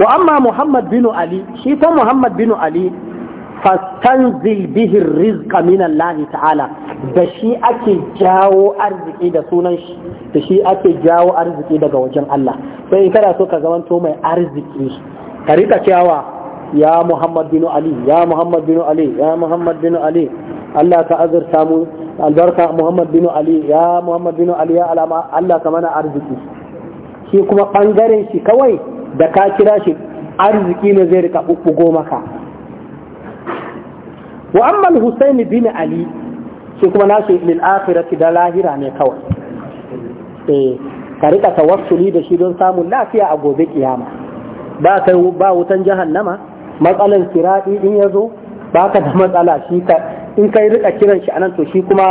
wa amma muhammad bin ali shi fa muhammad bin ali fastanzil bihi rizqa min Allah ta'ala da shi ake jawo arziki da sunan shi da shi ake jawo arziki daga wajen Allah sai in kana so ka zamanto mai arziki ka rika cewa ya muhammad bin ali ya muhammad bin ali ya muhammad bin ali Allah ka azurta mu albarka muhammad bin ali ya muhammad bin ali ya alama Allah ka mana arziki shi kuma bangaren shi kawai da ka kira shi arziki ne zai rika bubbugo maka wa amma al-husayn bin ali shi kuma nashi lil akhirati da lahira ne kawai eh ka rika tawassuli da shi don samun lafiya a gobe kiyama ba kai ba wutan jahannama matsalan kiraɗi in ya zo ka da matsala shi ka in kai rika kiran shi anan to shi kuma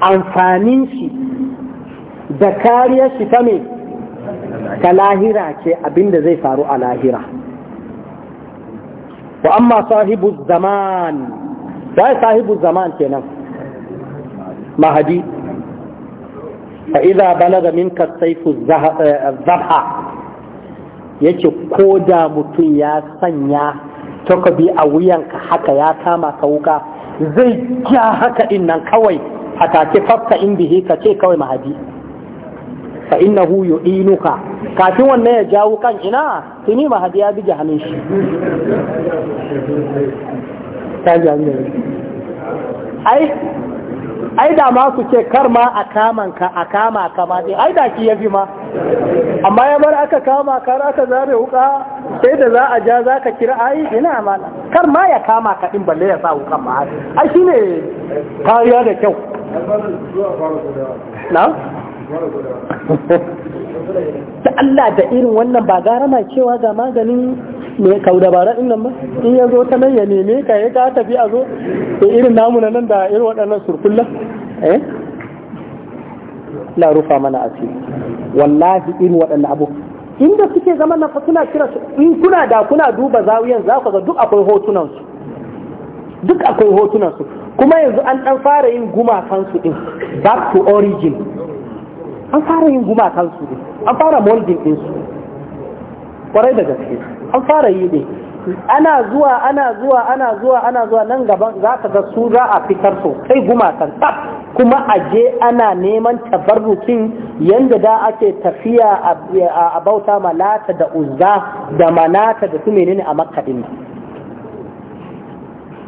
amfanin shi da kariyar shi ta me ta lahira ce abinda zai faru a lahira wa amma sahibu zaman da sahibu zaman kenan mahadi fa idza balaga minka saifu eh, zabha yace ko da mutum ya sanya takobi a wuyanka haka ya kama ka wuka zai ja haka in nan kawai a take fafka in bihi ka ce kawai mahadi fa innahu yu'inuka kafin wannan ya jawo kan ina tuni mahadi ya bi jahannin shi ai ai da ma ku ce kar ma a kaman ka a kama ka ma ai da ki yafi ma amma ya bar aka kama kar aka zare wuka sai da za a ja za ka kira ayi ina amana kar ma ya kama ka din balle ya sa wukan ma ai shine kariya da kyau na da Allah da irin wannan ba gara mai cewa ga maganin mai kaudabara din nan ba in ya zo ta nan ya neme ka ya ka tafi a zo irin namu nan da irin waɗannan surkullan eh la rufa mana asiri wallahi in waɗannan abu inda suke zaman na suna kira su in kuna da kuna duba zawiyan za ku ga duk akwai hotunan su duk akwai hotunan su kuma yanzu an dan fara yin kan su din back to origin an fara yin kan su din an fara molding din su kwarai da gaske an fara yi din ana zuwa ana zuwa ana zuwa ana zuwa nan gaban za ka ga su za a fitar su sosai gumakan tab kuma a je ana neman tabarrukin yanda da ake tafiya a bauta malata da uzza da manata da su menene a makka din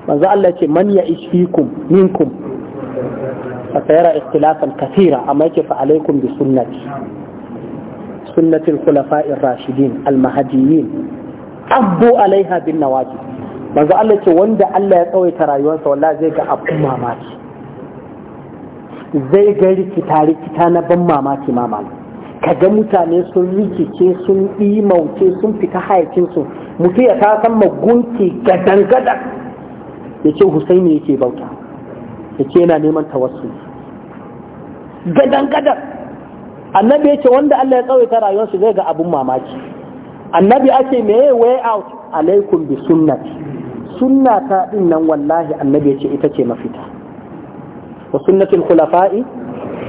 manzo Allah ce man ya ishikum minkum fa ikhtilafan kathira amma yake fa alaikum bi sunnati sunnati al rashidin al abu alaiha bin nawaji manzo Allah ce wanda Allah ya tsawaita rayuwarsa wallahi zai ga abu mamaki zai ga rikita rikita na ban mamaki mamaki kaga mutane sun rikice sun yi mauce sun fita hayacinsu mutu ya ta san magunki gadan gadan ya ce husaini yake bauta ya ce yana neman tawassu gadan gadan annabi ya ce wanda Allah ya tsawaita rayuwarsa zai ga abun mamaki annabi ake meye way out alaikum bi sunnati sunna ta din nan wallahi annabi yace ita ce mafita wa sunnatul khulafa'i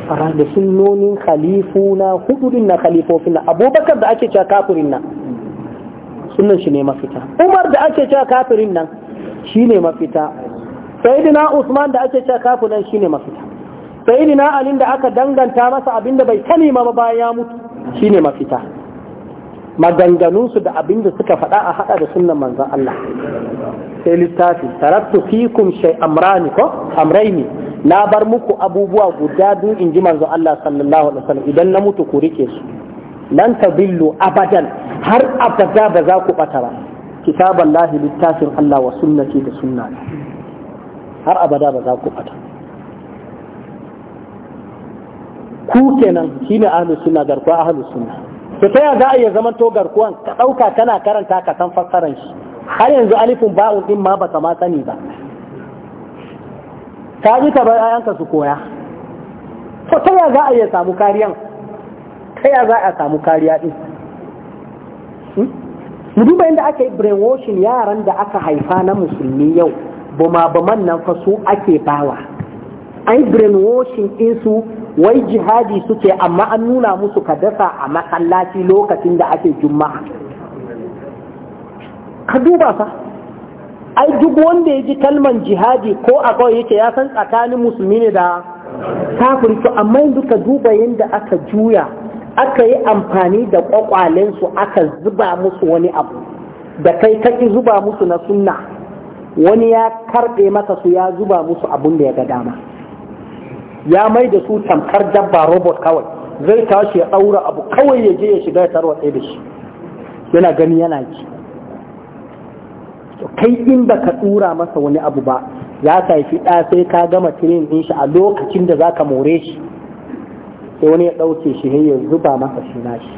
fara da sunnonin khalifuna hudu din na khalifofin na abubakar da ake cewa kafirin nan sunnan shi ne mafita umar da ake cewa kafirin nan shi ne mafita sayyidina usman da ake cewa kafirin shi ne mafita sayyidina ali da aka danganta masa abinda bai kalima ba bayan ya mutu shi ne mafita maganganunsu da abin da suka faɗa a haɗa da sunan manzan Allah sai littafi tarattu fikum shay amrani ko amraini na bar muku abubuwa guda biyu in ji manzon Allah sallallahu alaihi wasallam idan na mutu ku rike su lan tabillu abadan har abada ba za ku ɓata ba kitaballahi littafin Allah wa sunnati da sunna har abada ba za ku ɓata. ku kenan shine ahlus sunna garkuwa ahlus sunna to ta za a iya zaman to garkuwan ka ɗauka kana karanta ka san fassaran shi har yanzu alifin ba'un din ma baka ma sani ba ka ji ta bar ayanka su koya to ta za a iya samu kariyan ta za a samu kariya din hmm? mu duba inda aka yi brainwashing yaran da aka haifa na musulmi yau buma baman nan fa su ake bawa an yi brainwashing din su wai jihadi suke amma an nuna musu ka dasa a masallaci lokacin da ake juma'a ka duba fa ai duk wanda ya ji kalman jihadi ko a kawai yake ya san tsakanin musulmi ne da kafin su amma yanzu ka duba yadda aka juya aka yi amfani da ƙwaƙwalensu aka zuba musu wani abu da kai kaki zuba musu na sunna wani ya karɓe masa su ya zuba musu abun da ya ga dama ya mai da su tamkar dabba robot kawai zai tashi ya daura abu kawai ya je ya shiga ya tarwa da shi yana gani yana ji kai in ba ka tsura masa wani abu ba ya yi fiɗa sai ka gama tirin ɗin shi a lokacin da za ka more shi sai wani ya ɗauke shi ya zuba masa shi nashi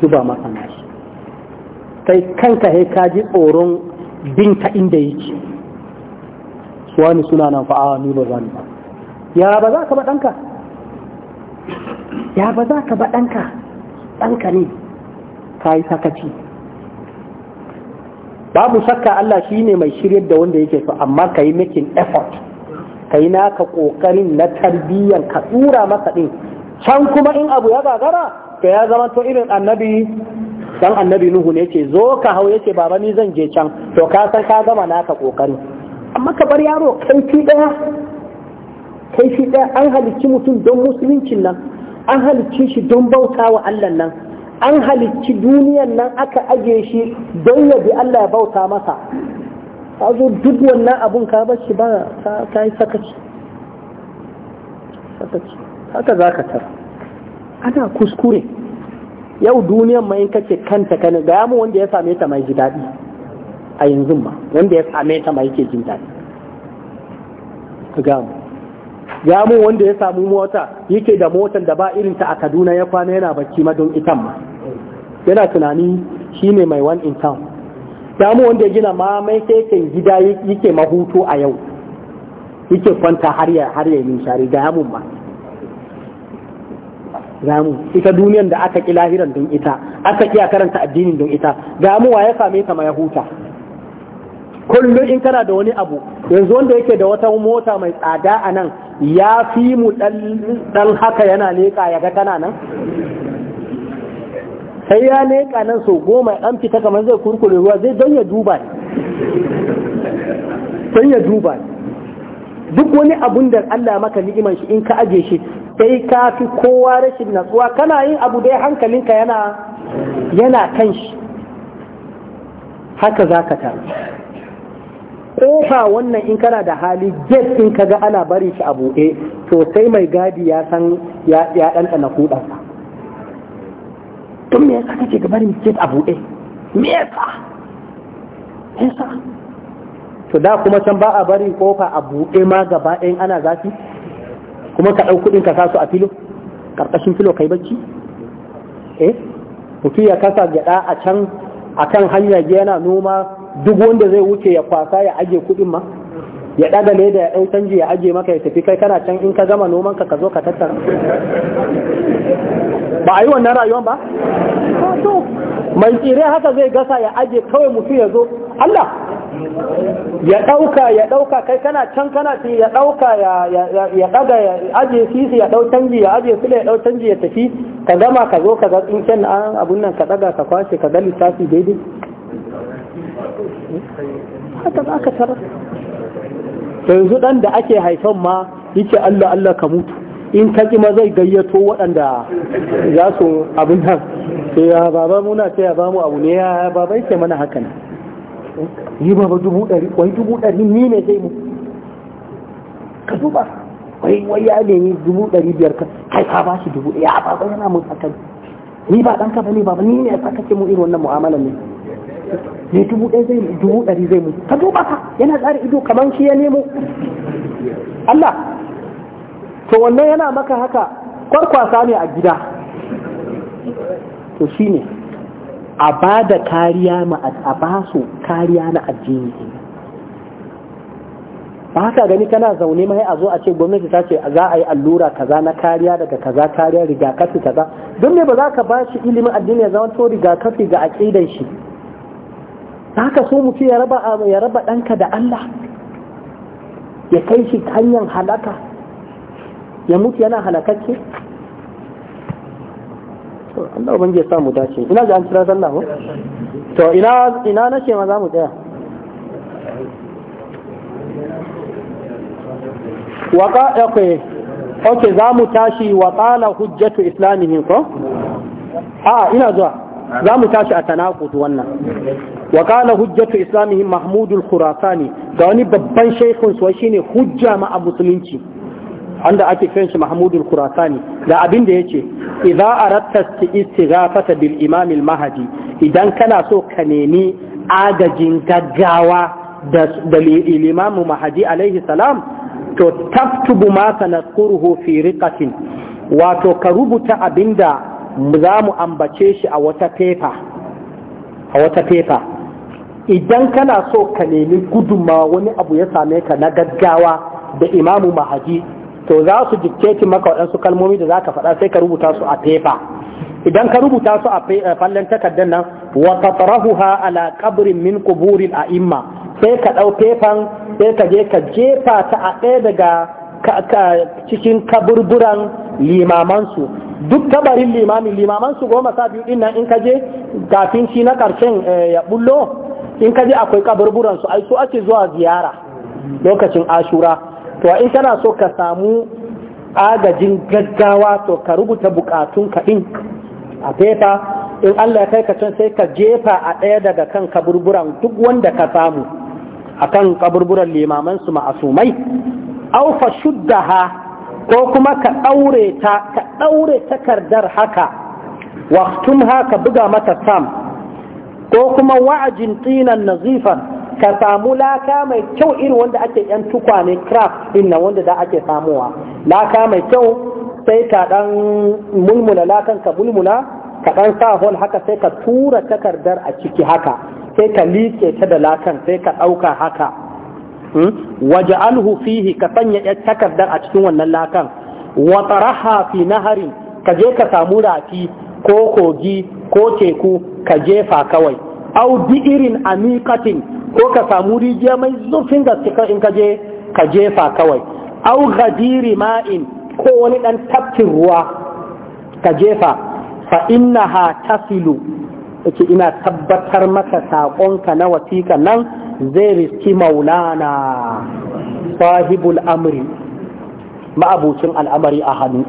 zuba masa nashi kai kanka sai ka ji tsoron bin ta inda yake su wani suna nan fa'awa nuna ba za ni ba ya ba za ka ba ɗanka ya ba za ka ba ɗanka ne ka yi sakaci babu shakka Allah shi ne mai shiryar da wanda yake so amma ka yi making effort ka yi naka ƙoƙarin na tarbiyyar ka tsura masa ɗin can kuma in abu ya gagara to ya zama to irin annabi dan annabi Nuhu ne ce zo ka hau yake baba ni zan je can to ka san ka gama naka ƙoƙarin amma ka bar yaro kai ɗaya kai shi ɗaya an halicci mutum don musuluncin nan an halicci shi don bauta wa Allah nan an halicci duniyan nan aka aje shi don ya bi Allah ya bauta masa a zo duk wannan abun ka bar shi ba ka yi sakaci sakaci haka za ka tara ana kuskure yau duniyan ma in kace kanta kane ga mu wanda ya same ta mai ji daɗi a yanzu ma wanda ya same ta mai ke jin daɗi ka gamu ya mu wanda ya samu mota yake da motar da ba irin ta a Kaduna ya kwana yana bacci ma don itan ma yana tunani shine mai one in town ya mu wanda ya gina mamai sai kekin gida yake mahutu a yau yake kwanta har ya har ya shari ga yamun ma Zamu ita duniyar da aka ki lahiran don ita aka a karanta addinin don ita gamu wa ya same ta mai huta kullum in kana da wani abu yanzu wanda yake da wata mota mai tsada a nan ya fi mu ɗan haka yana leƙa ya ga kana nan sai ya leƙa nan so goma ɗan fita kamar zai kurkure ruwa zai don ya duba don ya duba duk wani abun da Allah maka ni'iman shi in ka aje shi sai ka fi kowa rashin natsuwa kana yin abu dai hankalinka yana yana kan shi haka za ka tara kofa wannan in kana da hali gate in kaga ana bari shi a buɗe to sai mai gadi ya san ya ɗanɗana kuɗansa tun me yasa kake ga bari gate a buɗe me yasa to da kuma can ba a bari kofa a buɗe ma gaba ɗayan ana zafi kuma ka ɗauku kuɗin ka sa su a filo ƙarƙashin filo kai bacci eh mutum ya kasa gyaɗa a can a kan hanya yana noma duk wanda zai wuce ya kwasa ya aje kuɗin ma ya ɗaga leda ya ɗau canji ya aje maka ya tafi kai kana can in ka gama noman ka ka zo ka tattara ba a yi wannan rayuwan ba mai tsire haka zai gasa ya aje kawai mutu ya zo Allah ya ɗauka ya ɗauka kai kana can kana ci ya ɗauka ya ɗaga ya aje sisi ya ɗau canji ya aje sule ya ɗau canji ya tafi ka gama ka zo ka ga tsinken abun nan ka ɗaga ka kwashe ka ga lissafi daidai haka za ka tarar da yanzu ɗan da ake haifan ma yake Allah Allah ka mutu in ka ma zai gayyato waɗanda za su abin nan sai ya baba muna sai ya bamu abu ne ya baba yake mana haka ne yi baba dubu ɗari wai dubu ɗari ni ne zai mu ka duba wai wai ya nemi dubu ɗari biyar ka kai ka ba shi dubu ɗaya baba yana mun hakan ni ba ɗanka ba ne baba ni ne ya saka ce mu irin wannan mu'amalan ne ne dubu ɗaya zai mutu dubu ɗari zai mutu ka duba ka yana tsari ido kamar shi ya nemo Allah to wannan yana maka haka kwarkwasa ne a gida to shi ne a ba da kariya ma a ba su kariya na addini ba haka gani kana zaune mai a zo a ce gwamnati ta ce za a yi allura kaza na kariya daga kaza kariya rigakafi kaza don ne ba za ka ba shi ilimin addini ya zama to rigakafi ga aƙidan shi haka so mutu ya raba ya raba ɗanka da Allah ya kai shi hanyar halaka ya mutu yana halakacce Allah ban ya samu dace ina ga an kira sallah ko to ina ina nace ma za mu tsaya waka okay okay za mu tashi wa qala hujjatu islamihi ko a ina zuwa za mu tashi a tanakutu wannan wa hujjatu islamihim mahmud al-khurasani da wani babban shaykhun su shine hujja ma musulunci wanda ake kiran shi mahmud al da abinda ya ce, idza aratta istighafata bil imam idan kana so ka nemi agajin gaggawa da limamu mahadi alaihi salam to taftubu ma sanadkuruhu fi riqatin wato ka rubuta abinda za mu ambace shi a wata fefa a wata fefa idan kana so ka nemi guduma wani abu ya same ka na gaggawa da imamu mahaji to za su dictate maka waɗansu kalmomi da za ka faɗa sai ka rubuta su a fefa idan ka rubuta su a eh, fallon takardar nan wa tatrahuha ala qabrin min quburil a'imma sai ka ɗau fefan sai ka je ka jefa ta a ɗaya daga cikin kaburburan limamansu duk kabarin limamin limamansu goma sa biyu ɗin nan in ka je kafin shi na ƙarshen eh, ya bullo in ka je akwai ƙaburburan su ai su ake zuwa ziyara lokacin ashura to in kana so ka samu agajin gaggawa to ka rubuta bukatun kaɗin. din a fefa in Allah ya kai ka can sai ka jefa a ɗaya daga kan kaburburan duk wanda ka samu a kan kaburburan limaman su ma'asumai aufa shuddaha ko kuma ka ɗaure ta ka ɗaure takardar haka waktum ka buga mata sam ko kuma wa'ajin tinan nazifan ka samu laka mai kyau irin wanda ake yan tukwane craft din nan wanda da ake samuwa laka mai kyau sai ka dan mulmula lakan ka mulmula ka dan sa hol haka sai ka tura takardar a ciki haka sai ka liƙe ta da lakan sai ka ɗauka haka hmm? waje alhu fihi ka sanya ya takardar a cikin wannan lakan wa taraha fi nahari ka je ka samu rafi ko kogi ko teku ka jefa kawai au bi'irin amiqatin ko ka samu rijiya mai zurfin gaski in ka je ka jefa kawai au ghadiri ma'in ko wani dan tafkin ruwa ka jefa fa innaha tasilu yake ina tabbatar maka saƙonka na wasiƙa nan zai riski maulana sahibul amri ma'abucin al'amari ahanu.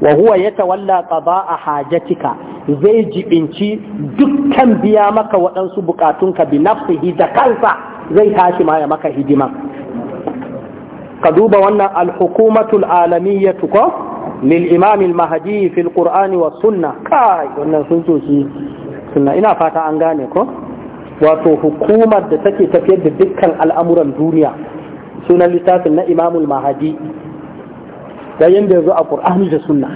wa huwa yatawalla qada'a hajatika zai jibinci dukkan biya maka waɗansu bukatunka bi nafsihi da kansa zai tashi ma ya maka hidima ka duba wannan al-hukumatul alamiyyatu ko lil imam al-mahdi fi al-qur'ani sunnah kai wannan sun so sunna ina fata an gane ko wato hukumar da take tafiyar da dukkan al'amuran duniya sunan littafin na imamul mahadi da yanda zo a ƙur'ani da Sunna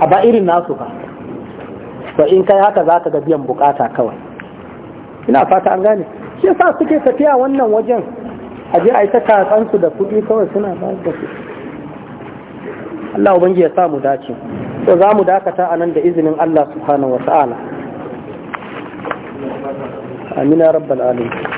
a ba irin nasu ba ba in kai haka zaka ga biyan bukata kawai ina fata an gane shi sa suke tafiya wannan wajen a je a yi ta da kuɗi kawai suna ba da su, Allah ubangi ya sa mu dace to za mu dakata a nan da izinin Allah subhanahu wa ta'ala amina rabbal alamin